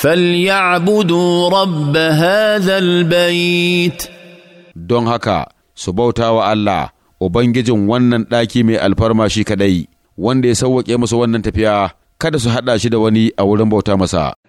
فليعبدوا رب هذا البيت don haka su bauta wa Allah Ubangijin wannan ɗaki mai alfarma shi kaɗai, wanda ya sauwaƙe musu wannan tafiya, kada su haɗa shi da wani a wurin bauta masa.